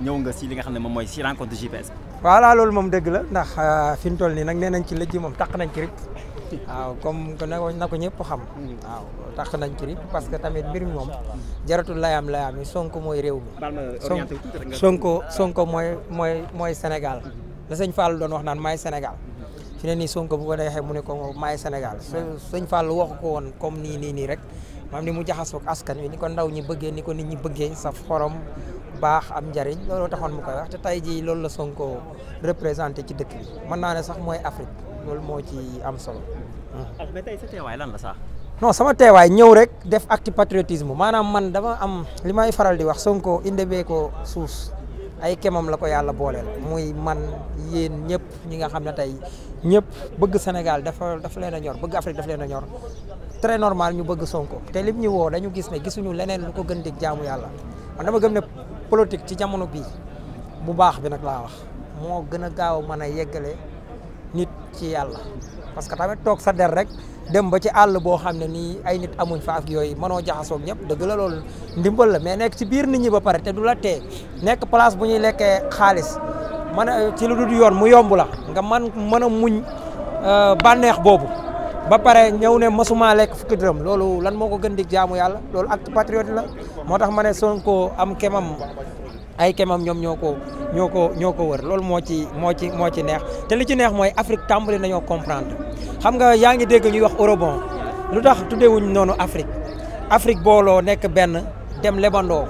ñëw nga si li nga xam ne moom mooy si rencontre GPS bi. voilà loolu moom dëgg la ndax euh, fi mu toll nii nag nee nañ ci lëjj moom taq nañ ci rek waaw comme na ko ñëpp xam. waaw taq nañ ci rek parce que tamit mbir moom jaratul layaam layaam yi Sonko mooy réew mi. Sonko Sonko mooy mooy mooy Sénégal. sëñ Fall doon wax naan maay Sénégal. fi ne nii Sonko bu ko neexee mu ne ko may senegal sëñ Fall waxu ko woon comme nii nii nii rek maam ni mu jaxasoo ak askan wi ni ko ndaw ñi bëggee ni ko nit ñi bëggee saf xorom. baax am njariñ looloo taxoon mu koy wax te tey jii loolu la Sonko représenté ci dëkk bi mën naa ne sax mooy Afrique loolu moo ci am solo. Ah, mais tey sa sax. non sama teewaay ñëw rek def acte patriotisme maanaam man dama am li may faral di wax Sonko inde bee ko suus ay kemam la ko yàlla booleel muy man yéen ñëpp ñi nga xam ne tey ñëpp bëgg Sénégal dafa dafa leen a ñor bëgg Afrique dafa leen a ñor très normal ñu bëgg Sonko te lim ñu woo dañu gis ne gisuñu leneen lu ko gën di jaamu yàlla politique ci jamono bii bu baax bi nag laa wax moo gën a gaaw a mën a yeggale nit ci yàlla parce que tamit toog sa der rek dem ba ci àll boo xam ne nii ay nit amuñ fa ak yooyu mënoo jaxasoog ñëpp dëgg la loolu ndimbal la mais nekk ci biir nit ñi ba pare te du la tee nekk place bu ñuy lekkee xaalis man ci lu dul yoon mu yomb la nga man mën a muñ euh, bànneex boobu ba pare ñëw ne mosuma lekk fukki dërëm loolu lan moo ko gën di jaamu yàlla loolu acte patriote la moo tax ma ne Sonko am kemam ay kemam ñoom ñoo ko ñoo ko ñoo ko wër loolu moo ci moo ci moo ci neex te li ci neex mooy Afrique tàmbali nañoo comprendre xam nga yaa ngi dégg ñuy wax eurobond lu tax wuñ noonu Afrique Afrique booloo nekk benn dem lebandoo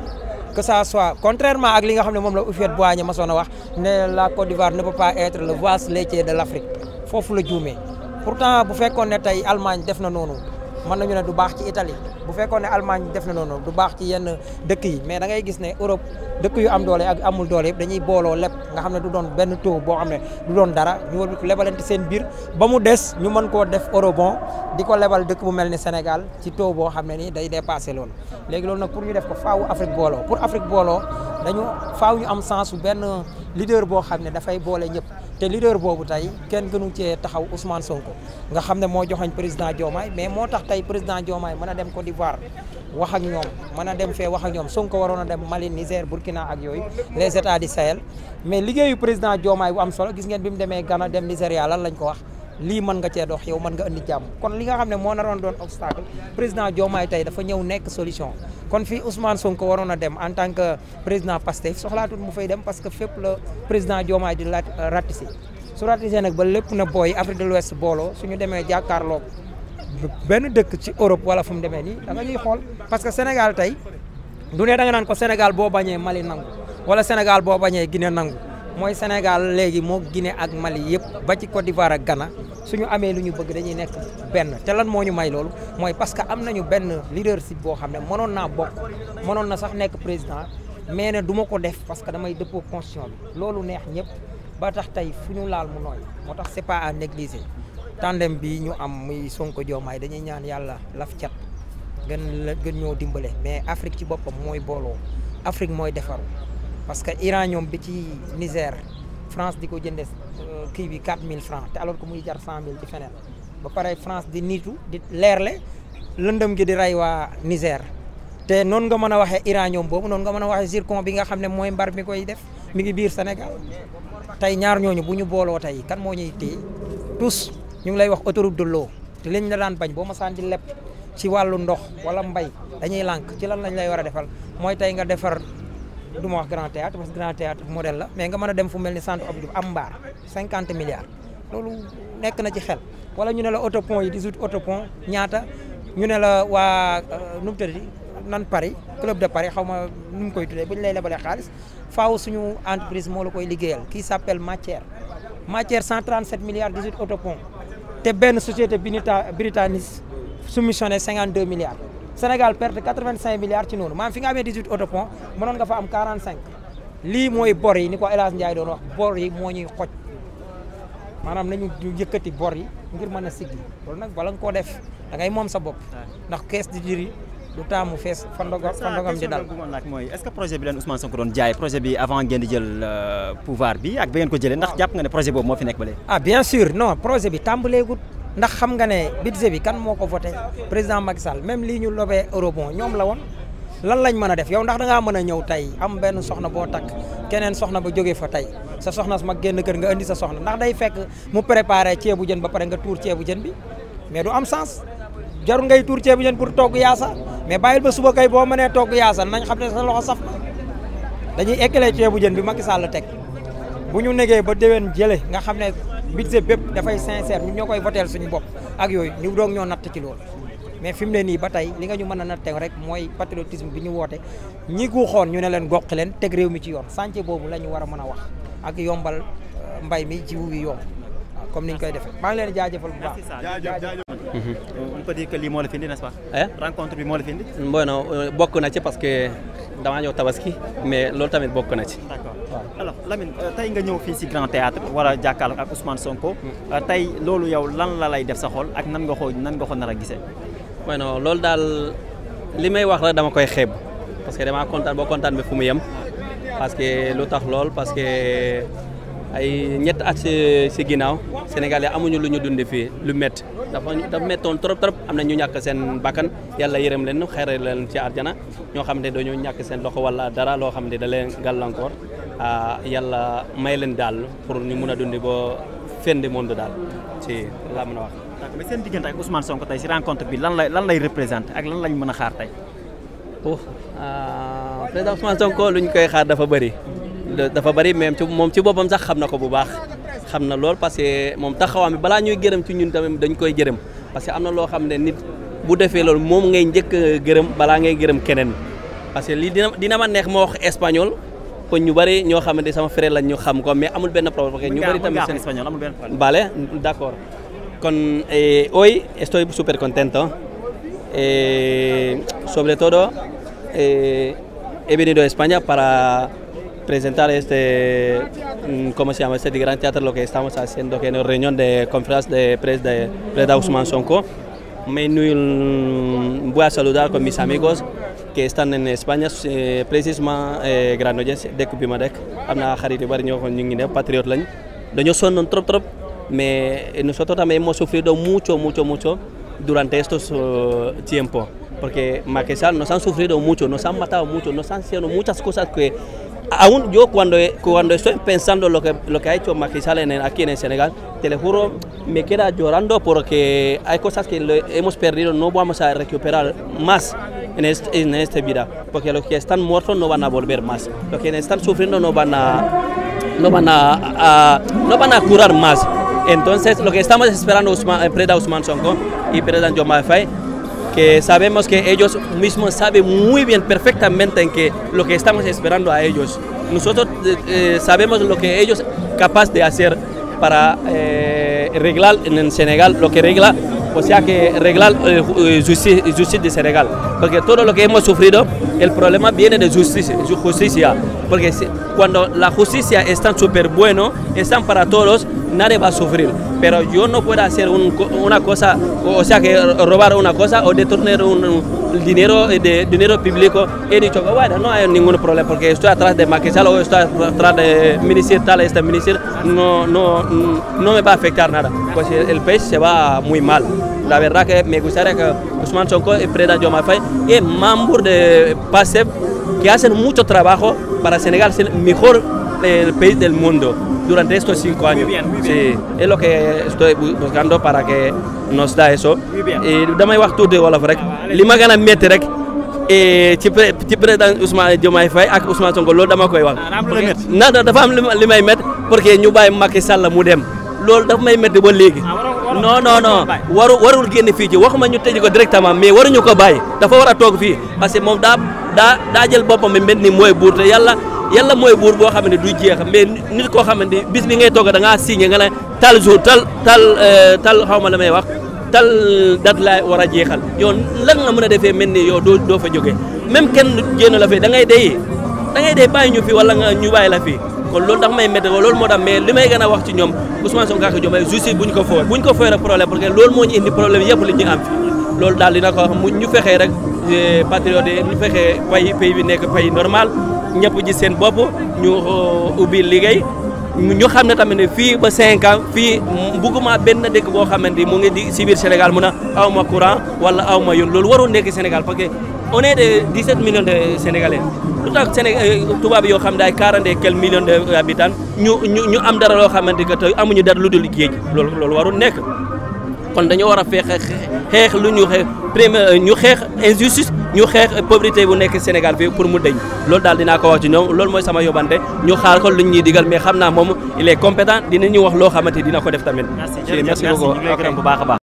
que ça soit contrairement ak li nga xam ne moom la Houphouët-Boigny masoon a wax ne la Côte d'Ivoire ne peut pas être le vase laitier de l'Afrique foofu la juumee pourtant bu fekkoon ne tey Allemagne def na noonu mën nañu ne du baax ci itali bu fekkoon ne Allemagne def na noonu du baax ci yenn dëkk yi mais da ngay gis ne Europe dëkk yu am doole ak amul doole yëpp dañuy booloo lépp nga xam ne du doon benn taux boo xam ne du doon dara ñu war lebalante seen biir ba mu des ñu mën koo def eurobond di ko lebal dëkk bu mel ni Sénégal ci taux boo xam ne nii day dépassé loolu léegi loolu nag pour ñu def ko faawu Afrique booloo pour Afrique booloo dañu faaw ñu am sensu benn leader boo xam ne dafay boole ñëpp te leader boobu tey kenn gënu cee taxaw Ousmane Sonko nga xam ne moo joxoñ président Diomaye mais moo tax tey président Diomaye mën a dem Côte d'Ivoire wax ak ñoom mën a dem fee wax ak ñoom Sonko waroon a dem Mali Niger Burkina ak yooyu les états di Sahel mais liggéeyu président Diomaye bu am solo gis ngeen bi mu demee Ghana dem Nigéria lan lañ ko wax lii mën nga cee dox yow mën nga indi jàmm kon li nga xam ne moo naroon doon obstacle président Diomaye tey dafa ñëw nekk solution kon fii Ousmane Sonko waroon a dem en tant que président Pastef soxlaatul mu fay dem parce que fépp la président Diomaye di laaj euh, ratissé su ratissé nag ba lépp na booy Afrique de l'Ouest booloo suñu demee jàkkaarloo benn dëkk ci Europe wala fu mu demee nii danga ñuy xool parce que Sénégal tey du ne da naan ko Sénégal boo bañee Mali nangu wala Sénégal boo bañee Guinée nangu mooy Sénégal léegi moo gine ak Mali yëpp ba ci Côte d'Ivoire ak Ghana suñu amee lu ñu bëgg dañuy nekk benn te lan moo ñu may loolu mooy parce que am nañu benn leadership boo xam ne mënoon naa bokk mënoon na sax nekk président mais ne duma ko def parce que damay dëppoo constitution bi loolu neex ñëpp ba tax tey fu ñu laal mu nooy moo tax c'est pas à négliger tandem bi ñu am muy Sonko Diomaye dañuy ñaan yàlla laf cat gën la gën ñoo dimbale mais Afrique ci boppam mooy Afrique mooy defaru parce que Iran ñoom bi ci Niger France di ko jënde euh, kii bi 4000 francs te alors ko mu jar 100000 ci feneen ba pare France di niitu di leerle lëndëm gi di rey waa Niger te noonu nga mën a waxe waxee uranium boobu noon nga mën a waxee zircon bi nga xam ne mooy mbar mi koy def mi ngi biir Sénégal tey ñaar ñooñu bu ñu booloo tey kan moo ñuy téye tous ñu ngi lay wax autoroute de l'eau te lañ la daan bañ boo ma saan di ci wàllu ndox wala mbay dañuy lànk ci lan lañ lay war a defal mooy tey nga defar du ma wax grand théâtre parce que grand théâtre modèle la mais nga mën a dem fu mel ni centre Abdou am mbaar cinquante milliards loolu nekk na ci xel wala ñu ne la autopont yi 18 autopont ñaata ñu ne la waa euh, nu mu tëddee nan Paris club de Paris xaw ma nu koy tuddee bu ñu lay lebalee xaalis faaw suñu entreprise moo la koy liggéeyal qui s'appelle Matière Matière 137 milliards 18 autopont te benn société Britannique soumissionné 52 milliards Sénégal perte 85 milliards ci noonu maanaam fi nga amee 18 autopont mënoon nga fa am 45 lii mooy bor yi ni ko El Hadj Ndiaye doon wax bor yi moo ñuy xoj maanaam nañu ñu yëkkati bor yi ngir mën a siggi loolu nag bala nga koo def da ngay moom sa bopp ndax kees di jiri du taamu fees fandogo fandogam di dal laaj mooy est-ce que projet bi leen doon jaay projet bi avant ngeen di jël euh, pouvoir bi ak bi ko jëlee ndax jàpp nga ne projet boobu moo fi nekk ba léegi ah bien sûr non projet bi tàmbaleegut ndax xam nga ne budget bi kan moo ko voté président Macky Sall même lii ñu lobee eurobond ñoom la woon lan lañ mën a def yow ndax da ngaa mën a ñëw tey am benn soxna boo takk keneen soxna ba jógee fa tey sa soxna su mag génn kër nga indi sa soxna ndax day fekk mu préparé ceebu jën ba pare nga tuur ceebu jën bi mais du am sens jarul ngay tuur ceebu jën pour togg yaasa mais bàyyil ba suba kay boo mënee togg yaasa nañ xam loxo saf dañuy ekkalee ceebu jën bi Macky Sall teg bu ñu negee ba déwén jële nga xam ne budget bépp dafay sincère ñun ñoo koy voteel suñu bopp ak yooyu ñu doog ñoo natt ci loolu mais fi mu ne nii ba tey li nga ñu mën a nattee rek mooy patriotisme bi ñu woote ñi gu xoon ñu ne leen goqi leen teg réew mi ci yoon chantier boobu la ñu war a mën a wax ak yombal euh, mbay mi jiwu bi yomb comme ni ñu koy defee maa ngi leen jaajëfal bu baax mhm. on peut moo la fi indi n'est-ce pas eh? rencontre bi moo la euh, bokk na ci parce que damaa ñëw tabaski mais loolu tamit bokk na ci alors Lamine euh, tey nga ñëw fii si Grand Théâtre war a jàkkaarloo ak Ousmane Sonko. Euh, tey loolu yow lan la lay def sa xol ak nan nga ko nan nga ko nar a gisee. bueno loolu daal li may wax la dama koy xeeb parce que damaa kontaan boo kontaan bi fu mu yem parce que lu tax lool parce que ay ñett at si ginnaaw Sénégalais amuñu lu ñu dundee fii lu métti dafa dafa méttoon trop trop am na ñu ñàkk seen bakkan yàlla yërëm leen xeere leen ci àjjana ñoo xam ne dañoo ñàkk seen loxo wala dara loo xam ne da leen gàllankoor. Ah, yàlla may leen daal pour ñu mun a dundi boo fin du monde daal ci laa mën a wax. d'accord mais seen diggante ak Ousmane Sonko tey si rencontre bi lan lay lan lay représenté ak lan lañ mën a xaar tey. oh président Ousmane Sonko luñ koy xaar dafa bari dafa bëri même moom si boppam sax xam na ko bu baax xam na lool parce que moom taxawaam bi balaa ñuy gërëm ci ñun tamit dañ koy jërëm parce que am na loo xam ne nit bu defee loolu moom ngay njëkk gërëm balaa ngay gërëm keneen parce que lii dina ko ñu bari ñoo xamante sama frère la ñu xam ko mais amul benn problème. ñu bari tamit seen espagnol amul benn problème. vale d'accord con eh, hoy estoy súper contento. Eh, sobre todo eh, he venido a España para presentar este, mm, ¿cómo se llama? Este gran teatro, lo que estamos haciendo, que es una reunión de conferencia de prensa de Preda Usman Sonko. Me mm, voy a saludar con mis amigos que están en España eh, précisément eh, Granollers dëkk bi ma dëkk am naa xarit yu bari ñoo xam ñu ngi ne patriote lañ dañoo sonnoon trop trop mais nosotros también hemos sufrido mucho mucho mucho durante estos oh, tiempos porque Maquesal nos han sufrido mucho, nos han matado mucho, nos han sido muchas cosas que aún yo cuando, estoy pensando lo que, hay cosas que hemos perdido, no vamos a recuperar más. en este vida porque los que están muertos no van a volver más los que están sufriendo no van a no van a, a no van a curar más entonces lo que estamos esperando Usman, eh, Preda Usman Sonko y Preda Diomaye Faye que sabemos que ellos mismos saben muy bien perfectamente en que lo que estamos esperando a ellos nosotros eh, eh sabemos lo que ellos capaz de hacer para eh, arreglar en el Senegal lo que regla o sea que reglar eh, eh justicia, justicia de Senegal, porque todo lo que hemos sufrido, el problema viene de justicia, justicia porque cuando la justicia es tan súper bueno, están para todos, nadie va a sufrir. Pero yo no puedo hacer una cosa, o sea, que robar una cosa o detener un, dinero, eh, de, dinero público. He dicho, bueno, no hay ningún problema porque estoy atrás de Maquisal o estoy atrás de ministerio tal, este ministerio, no, me va a afectar Pues el, el se va muy mal. La verdad que me gustaría que Usman Sonko y Preda Yomafay y Mambur de PASEP que hacen mucho trabajo para Senegal ser mejor eh, el país del mundo. durante estos cinco años. Muy bien, muy bien. Sí, es lo que estoy buscando para ah, rek ah, li ma gën a métti rek ci ci président Ousmane Diomaye Faye ak Ousmane Sonko loolu dama koy wax. ndax dafa am li may métti pour que ñu bàyyi Macky Sall mu dem loolu dafa may métti ba léegi. Ah, non non non waru warul génn fii ci waxuma ñu tëj ko directement mais waruñu ko bàyyi dafa war a toog fii parce que moom daa daa daa jël boppam bi mel ni mooy buur te yàlla. yàlla mooy buur boo xam ne du jeex mais nit koo xam ne bis bi ngay togg nga ne tal jour tal tal euh, tal xaw ma may wax tal dat laa war a jeexal yow lan nga mën a defee mel ni yow doo doo fa jógee même kenn génn la fi da ngay dee da ngay dee bàyyi ñu fi wala nga ñu bàyyi la fi kon loolu dafa may métti loolu moo tax mais li may gën a wax ci ñoom Ousmane Sonko ak Diomaye justice bu ñu ko fooy bu ñu ko fooy rek problème parce que loolu moo ñu indi problème yëpp ñu am fi loolu daal dina ko wax mu ñu fexee euh, nekk pays normal ñëpp ji seen bopp ñu uh, ubbi liggéey ñu xam ne tamit ne fii ba cinq ans fii bugguma benn dëkk boo xamante ni mu ngi di si biir Sénégal mun a aw ma courant wala aw ma yoon loolu warul nekk Sénégal parce que on est de 17 millions de Sénégalais euh, tubaab yoo xam ne ay 40 et quelques millions de habitants ñu ñu am dara loo xamante que tey amuñu dara lu dul géej loolu loolu warul nekk kon dañoo war a fexe xeex lu ñu xeex premier ñu xeex injustice. ñu xeex pauvreté bu nekk Sénégal bi pour mu deñ loolu daal dinaa ko wax ci ñoom loolu mooy sama yóbbante ñu xaar ko luñ ñuy digal mais xam naa moom il est compétent dinañu wax loo xamante dina ko def tamit. merci merci beaucoup bu baax a baax.